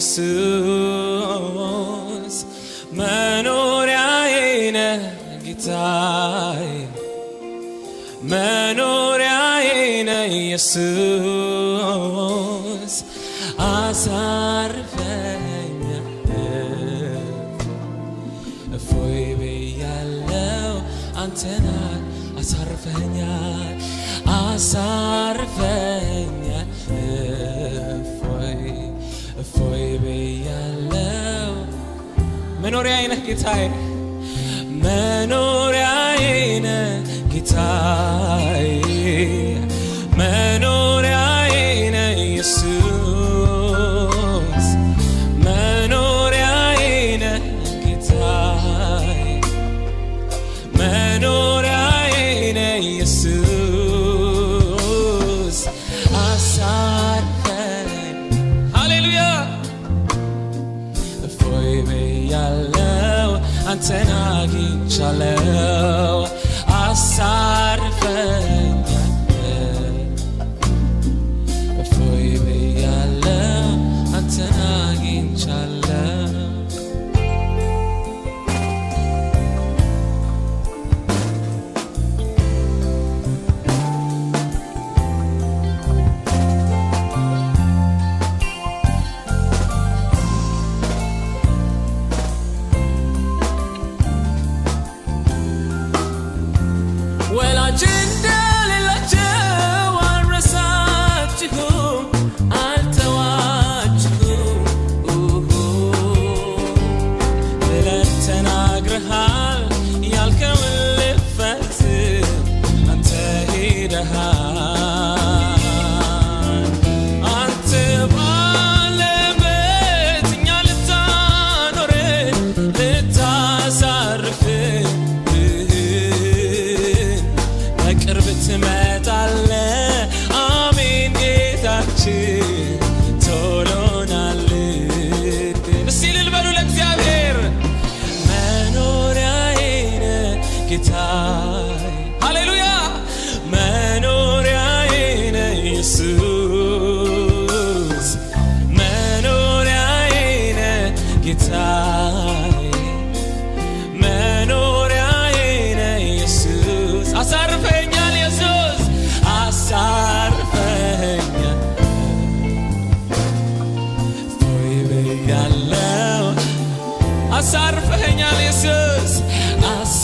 ኢየሱስ መኖሪያዬ ነህ ጌታዬ መኖሪያዬ ነህ ኢየሱስ አሳርፈኛል እፎይ ብያለው አንተና አሳርፈኛል አሳርፈ መኖሪያ ነህ ጌታዬ መኖሪያዬ ነህ ጌታ céu. A sal እፈልጋለሁ። አሳርፈኸኛል ኢየሱስ አሳ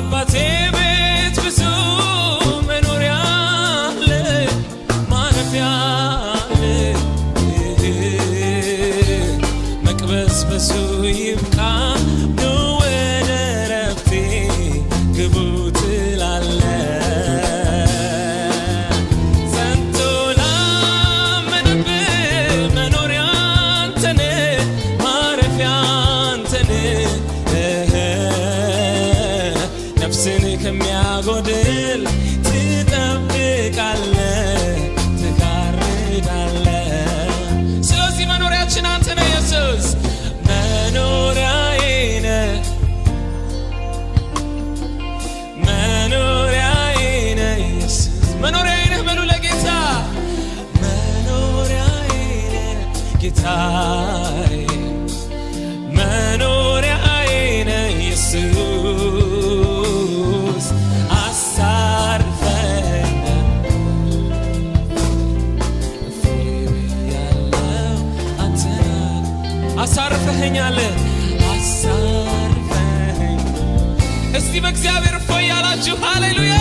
አባቴ ቤት ብዙ መኖሪያ አለ፣ ማረፊያ አለ። መቅበስ በሱ ይብቃ ከሚያጎድል ትጠብቃለህ አሳርፈኛል፣ አሳርፈኝ። እስቲ በእግዚአብሔር እፎይ ያላችሁ ሃሌሉያ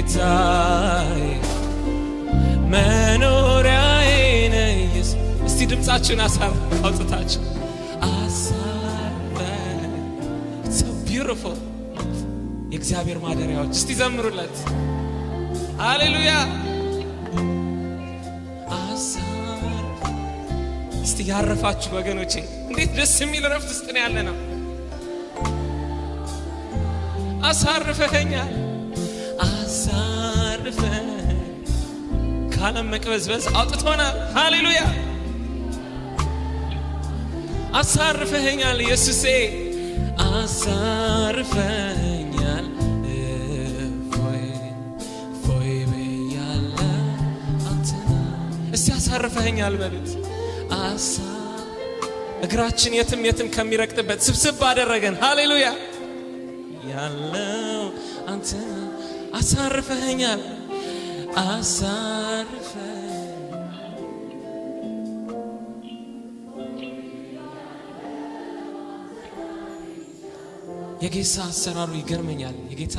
ጌታዬ መኖሪያዬ ነህ ኢየሱስ። እስቲ ድምፃችን አሳር አውጥታችን አሳርፈን ቢርፎ የእግዚአብሔር ማደሪያዎች እስቲ ዘምሩለት። ሃሌሉያ አሳር እስቲ ያረፋችሁ ወገኖቼ፣ እንዴት ደስ የሚል ረፍት ውስጥ ነው ያለ ነው። አሳርፈኸኛል ከዓለም መቅበዝበዝ አውጥቶናል። ሃሌሉያ አሳርፈኸኛል ኢየሱሴ አሳርፈኛል ፎይ ብያለ አንተና እስቲ አሳርፈኸኛል በሉት አሳ እግራችን የትም የትም ከሚረግጥበት ስብስብ አደረገን። ሃሌሉያ ያለው አንተና አሳርፈኸኛል አሳርፈ የጌታ አሰራሩ ይገርመኛል። የጌታ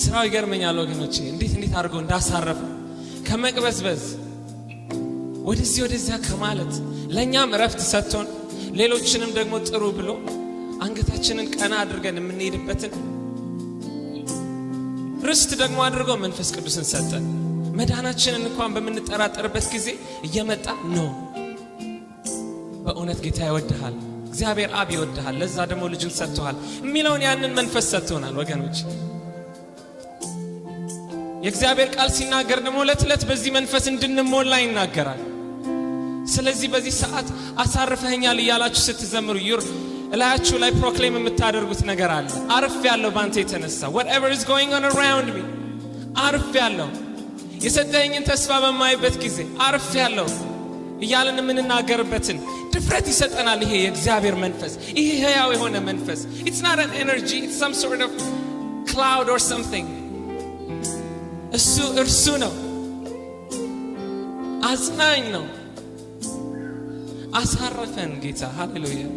ስራው ይገርመኛል ወገኖች እንዴት እንዴት አድርጎ እንዳሳረፈ ከመቅበዝበዝ ወደዚህ ወደዚያ ከማለት ለእኛም እረፍት ሰጥቶን ሌሎችንም ደግሞ ጥሩ ብሎ አንገታችንን ቀና አድርገን የምንሄድበትን ርስት ደግሞ አድርጎ መንፈስ ቅዱስን ሰጠን። መዳናችንን እንኳን በምንጠራጠርበት ጊዜ እየመጣ ነው። በእውነት ጌታ ይወድሃል፣ እግዚአብሔር አብ ይወድሃል፣ ለዛ ደግሞ ልጅን ሰጥተዋል የሚለውን ያንን መንፈስ ሰጥቶናል ወገኖች። የእግዚአብሔር ቃል ሲናገር ደግሞ ለትለት በዚህ መንፈስ እንድንሞላ ይናገራል። ስለዚህ በዚህ ሰዓት አሳርፈኛል እያላችሁ ስትዘምሩ ዩር እላያችሁ ላይ ፕሮክሌም የምታደርጉት ነገር አለ። አርፍ ያለው ባንተ የተነሳ whatever is going on around አርፍ ያለው የሰጠኝን ተስፋ በማይበት ጊዜ አርፍ ያለው እያለን የምንናገርበትን ድፍረት ይሰጠናል። ይሄ የእግዚአብሔር መንፈስ፣ ይሄ ህያው የሆነ መንፈስ ኢትስ ናት አን ኤነርጂ ኢትስ ሰም ሶርት ኦፍ ክላውድ ኦር ሰምቲንግ እሱ እርሱ ነው። አጽናኝ ነው። አሳረፈን ጌታ። ሃሌሉያ